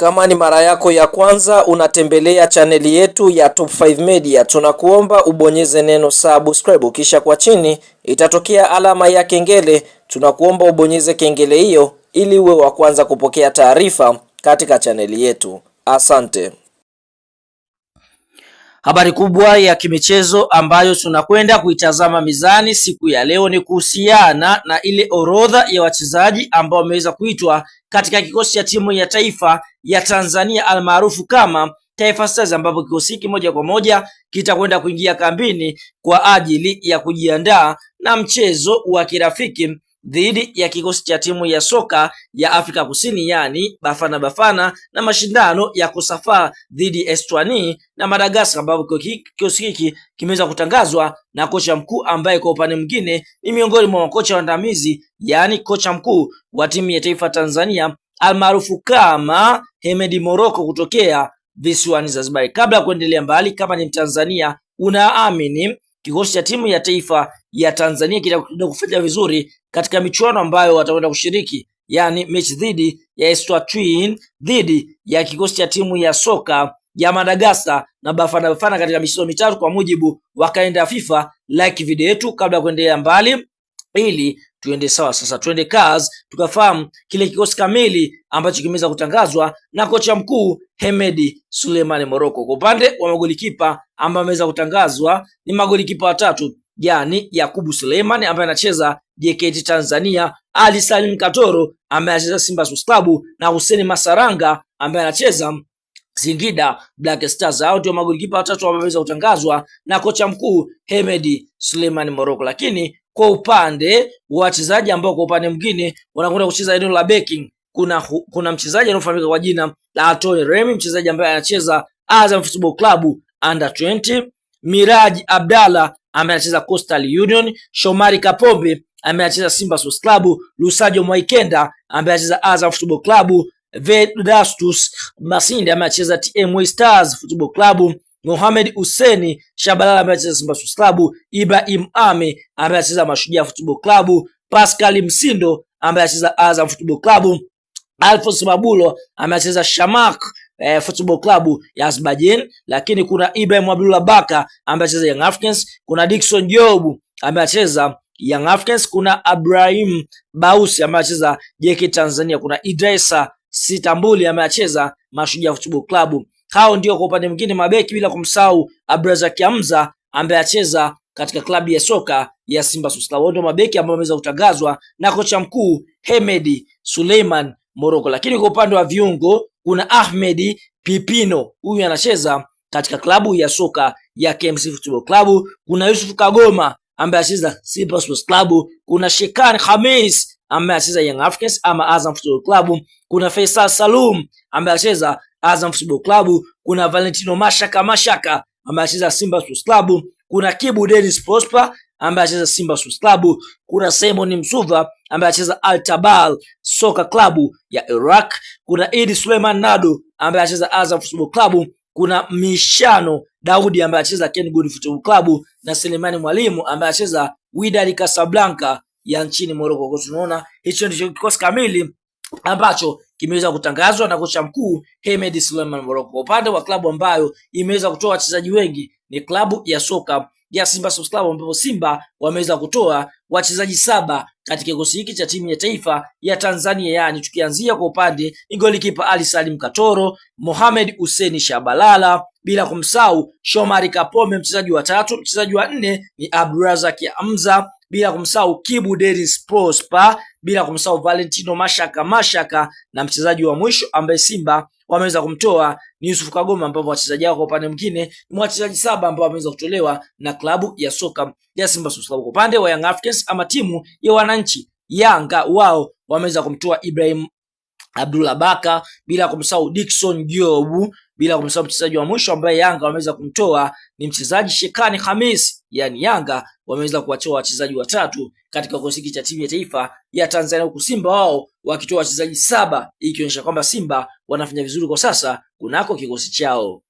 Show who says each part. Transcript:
Speaker 1: Kama ni mara yako ya kwanza unatembelea chaneli yetu ya Top 5 Media, tunakuomba ubonyeze neno subscribe, kisha kwa chini itatokea alama ya kengele. Tunakuomba ubonyeze kengele hiyo ili uwe wa kwanza kupokea taarifa katika chaneli yetu. Asante. Habari kubwa ya kimichezo ambayo tunakwenda kuitazama mizani siku ya leo ni kuhusiana na ile orodha ya wachezaji ambao wameweza kuitwa katika kikosi cha timu ya taifa ya Tanzania almaarufu kama Taifa Stars, ambapo kikosi hiki moja kwa moja kitakwenda kuingia kambini kwa ajili ya kujiandaa na mchezo wa kirafiki dhidi ya kikosi cha timu ya soka ya Afrika Kusini yani Bafana Bafana na mashindano ya Kosafa dhidi Estwani na Madagascar, ambapo kikosi hiki kimeweza kutangazwa na kocha mkuu ambaye kwa upande mwingine ni miongoni mwa makocha waandamizi yani kocha mkuu wa timu ya taifa Tanzania almaarufu kama Hemedi Moroko kutokea visiwani Zanzibar. Kabla ya kuendelea mbali, kama ni Mtanzania unaamini kikosi cha timu ya taifa ya Tanzania kitakwenda kufanya vizuri katika michuano ambayo watakwenda kushiriki, yani mechi dhidi ya Eswatini dhidi ya kikosi cha timu ya soka ya Madagasa na Bafana Bafana katika michezo mitatu kwa mujibu wa kalenda ya FIFA. Like video yetu kabla ya kuendelea mbali, ili tuende sawa. Sasa tuende kazi tukafahamu kile kikosi kamili ambacho kimeweza kutangazwa na kocha mkuu Hemedi Suleimani Moroko. Kwa upande wa magolikipa ambaye ameweza kutangazwa ni magolikipa watatu, yani Yakubu Suleimani ambaye anacheza JKT Tanzania, Ali Salim Katoro ambaye anacheza Simba Sports Club na Hussein Masaranga ambaye anacheza Singida Black Stars. Hao ndio magolikipa watatu ambao wameweza kutangazwa na kocha mkuu Hemedi Suleiman Moroko, lakini kwa upande wa wachezaji ambao kwa upande mwingine wanakwenda kucheza eneo la backing, kuna kuna mchezaji anayefahamika kwa jina la Antonio Remy, mchezaji ambaye anacheza Azam Football Club under 20. Miraji Abdalla anacheza Coastal Union, Shomari Kapombe anacheza Simba Sports Club, Lusajo Mwaikenda ambaye anacheza Azam Football Club, Vedastus Masinde anacheza TMA Stars Football Club, Mohamed Huseni Shabalala amecheza Simba Sports Club, Ibrahim Ame amecheza Mashujaa Football Club, Pascal Msindo amecheza Azam Football Club, Alphonse Mabulo amecheza Shamak eh, Football Club ya Azerbaijan, lakini kuna Ibrahim Abdullah Baka amecheza Young Africans, kuna Dickson Job amecheza Young Africans, kuna Abrahim Bausi amecheza anacheza Tanzania, kuna Idrisa Sitambuli amecheza Mashujaa Football Club. Hao ndio kwa upande mwingine mabeki, bila kumsahau Abdrazak Hamza ambaye acheza katika klabu ya soka ya Simba Sports Club. ndio mabeki ambao wameweza kutangazwa na kocha mkuu Hemedi Suleiman Moroko. Lakini kwa upande wa viungo kuna Ahmed Pipino, huyu anacheza katika klabu ya soka ya KMC Football Club. Kuna Yusuf Kagoma ambaye anacheza Simba Sports Club. Kuna Shekan Hamis ambaye anacheza Young Africans ama Azam Football Club. Kuna Faisal Salum ambaye anacheza Azam Football Club, kuna Valentino Mashaka Mashaka ambaye anacheza Simba Sports Club, kuna Kibu Dennis Prosper ambaye anacheza Simba Sports Club, kuna Simon Msuva ambaye anacheza Al Tabal Soka Club ya Iraq, kuna Idi Suleiman Nado ambaye anacheza Azam Football Club, kuna Mishano Daudi ambaye anacheza Ken Good Football Club na Selemani Mwalimu ambaye anacheza Wydad Casablanca ya nchini Morocco. Kwa tunaona hicho ndicho kikosi kamili ambacho kimeweza kutangazwa na kocha mkuu Hemed Suleiman Morocco. Kwa upande wa klabu ambayo imeweza kutoa wachezaji wengi ni klabu ya soka ya Simba Sports Club, ambapo Simba wameweza kutoa wachezaji saba katika kikosi hiki cha timu ya taifa ya Tanzania, yani tukianzia kwa upande golikipa Ali Salim Katoro, Mohamed Hussein Shabalala, bila kumsahau Shomari kapome mchezaji wa tatu. Mchezaji wa nne ni Abdurazak Hamza, bila kumsahau Kibu Denis Prosper bila kumsahau Valentino Mashaka Mashaka, na mchezaji wa mwisho ambaye Simba wameweza kumtoa ni Yusuf Kagoma, ambapo wachezaji wako kwa upande mwingine ni wachezaji saba ambao wameweza kutolewa na klabu ya soka ya Simba Sports Club. Kwa upande wa Young Africans ama timu ya wananchi Yanga, wao wameweza kumtoa Ibrahim Abdullah Baka, bila kumsahau Dickson Jobu, bila kumsahau mchezaji wa mwisho ambaye Yanga wameweza kumtoa ni mchezaji Shekani Khamis. Yani Yanga wameweza kuwatoa wachezaji watatu katika kikosi hiki cha timu ya taifa ya Tanzania, huku Simba wao wakitoa wachezaji saba, ikionyesha kwamba Simba wanafanya vizuri kwa sasa kunako kikosi chao.